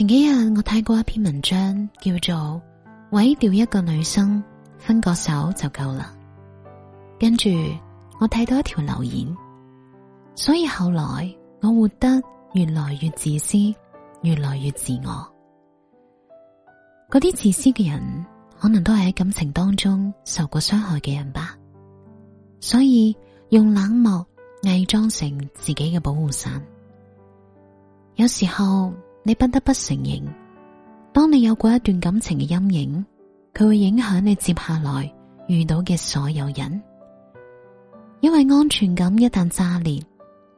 前幾日我睇過一篇文章，叫做“毀掉一個女生，分個手就夠啦。”跟住我睇到一條留言，所以後來我活得越來越自私，越來越自我。嗰啲自私嘅人，可能都係喺感情當中受過傷害嘅人吧，所以用冷漠偽裝成自己嘅保護傘，有時候。你不得不承認，當你有過一段感情嘅陰影，佢會影響你接下來遇到嘅所有人。因為安全感一旦炸裂，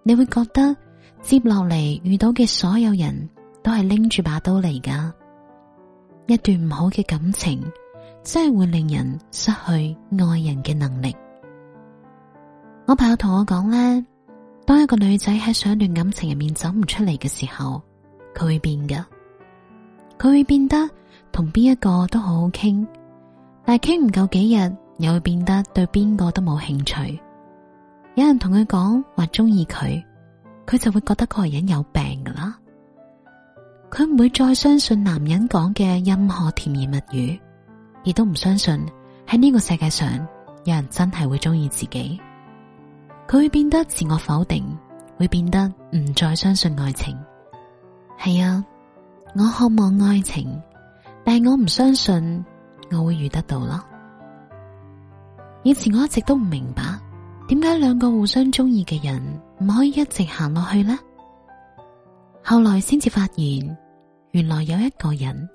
你會覺得接落嚟遇到嘅所有人都係拎住把刀嚟㗎。一段唔好嘅感情真係會令人失去愛人嘅能力。我朋友同我講咧，當一個女仔喺上一段感情入面走唔出嚟嘅時候。佢會變噶，佢會變得同邊一個都好好傾，但係傾唔夠幾日，又會變得對邊個都冇興趣。有人同佢講話中意佢，佢就會覺得嗰個人有病噶啦。佢唔會再相信男人講嘅任何甜言蜜語，亦都唔相信喺呢個世界上有人真係會中意自己。佢會變得自我否定，會變得唔再相信愛情。係啊，我渴望愛情，但係我唔相信我會遇得到咯。以前我一直都唔明白，點解兩個互相中意嘅人唔可以一直行落去呢？後來先至發現，原來有一個人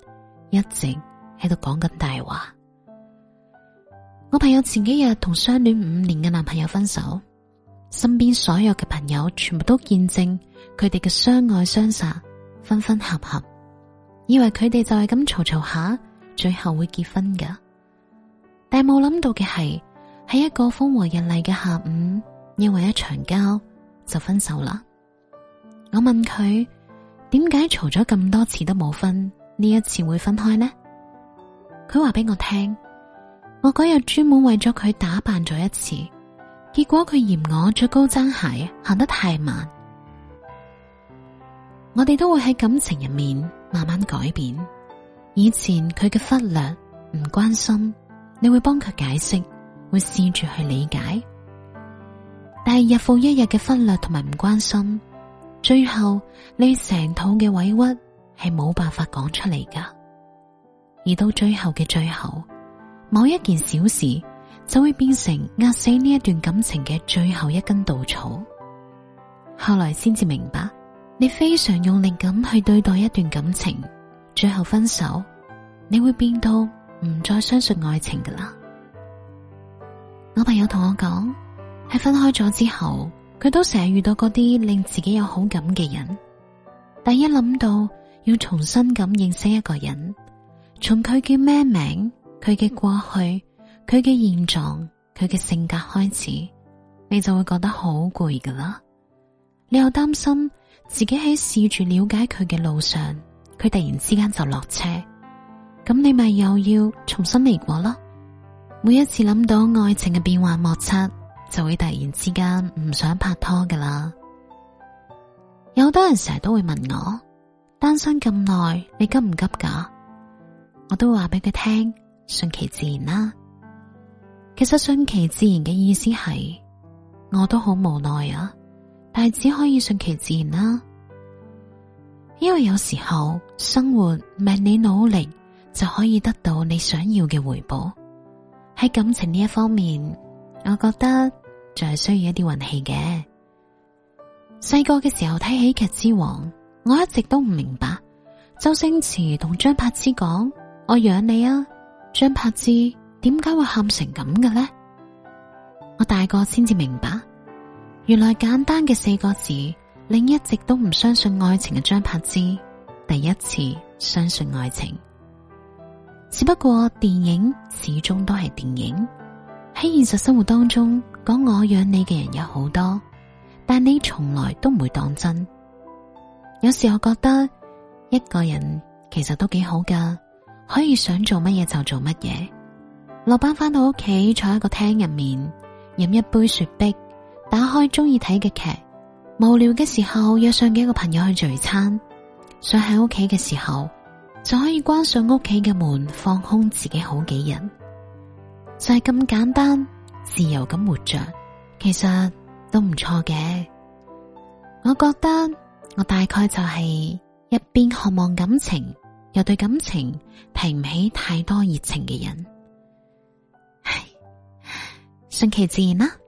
一直喺度講緊大話。我朋友前幾日同相戀五年嘅男朋友分手，身邊所有嘅朋友全部都見證佢哋嘅相愛相殺。分分合合，以為佢哋就係咁嘈嘈下，最後會結婚㗎。但係冇諗到嘅係，喺一個風和日麗嘅下午，因為一場交就分手啦。我問佢點解嘈咗咁多次都冇分，呢一次會分開呢？佢話俾我聽，我嗰日專門為咗佢打扮咗一次，結果佢嫌我着高踭鞋行得太慢。我哋都會喺感情入面慢慢改變，以前佢嘅忽略唔關心，你會幫佢解釋，會試住去理解，但係日復一日嘅忽略同埋唔關心，最後你成肚嘅委屈係冇辦法講出嚟噶，而到最後嘅最後，某一件小事就會變成壓死呢一段感情嘅最後一根稻草，後來先至明白。你非常用力咁去對待一段感情，最後分手，你會變到唔再相信愛情噶啦。我朋友同我講，喺分開咗之後，佢都成日遇到嗰啲令自己有好感嘅人，但一諗到要重新咁認識一個人，從佢叫咩名、佢嘅過去、佢嘅現狀、佢嘅性格開始，你就會覺得好攰噶啦，你又擔心。自己喺試住了解佢嘅路上，佢突然之間就落車，咁你咪又要重新嚟過咯？每一次諗到愛情嘅變幻莫測，就會突然之間唔想拍拖噶啦。有好多人成日都會問我，單身咁耐，你急唔急噶？我都話俾佢聽，順其自然啦、啊。其實順其自然嘅意思係，我都好無奈啊。但係只可以順其自然啦，因為有時候生活唔係你努力就可以得到你想要嘅回報。喺感情呢一方面，我覺得仲係需要一啲運氣嘅。細個嘅時候睇喜劇之王，我一直都唔明白周星馳同張柏芝講，我養你啊，張柏芝點解會喊成咁嘅咧？我大個先至明白。原來簡單嘅四個字，令一直都唔相信愛情嘅張柏芝第一次相信愛情。只不過電影始終都係電影，喺現實生活當中講我養你嘅人有好多，但你從來都唔會當真。有時候覺得一個人其實都幾好噶，可以想做乜嘢就做乜嘢。落班翻到屋企，坐喺個廳入面飲一杯雪碧。打開鍾意睇嘅劇，無聊嘅時候約上幾個朋友去聚餐，想喺屋企嘅時候就可以關上屋企嘅門，放空自己好幾人就係、是、咁簡單，自由咁活着，其實都唔錯嘅。我覺得我大概就係一邊渴望感情，又對感情提唔起太多熱情嘅人，唉，順其自然啦、啊。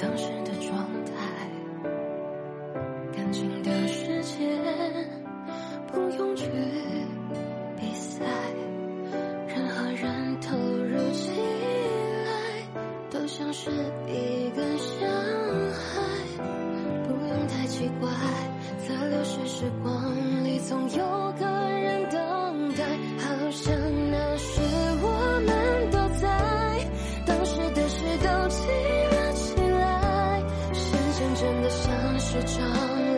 當時的狀況。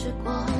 時光。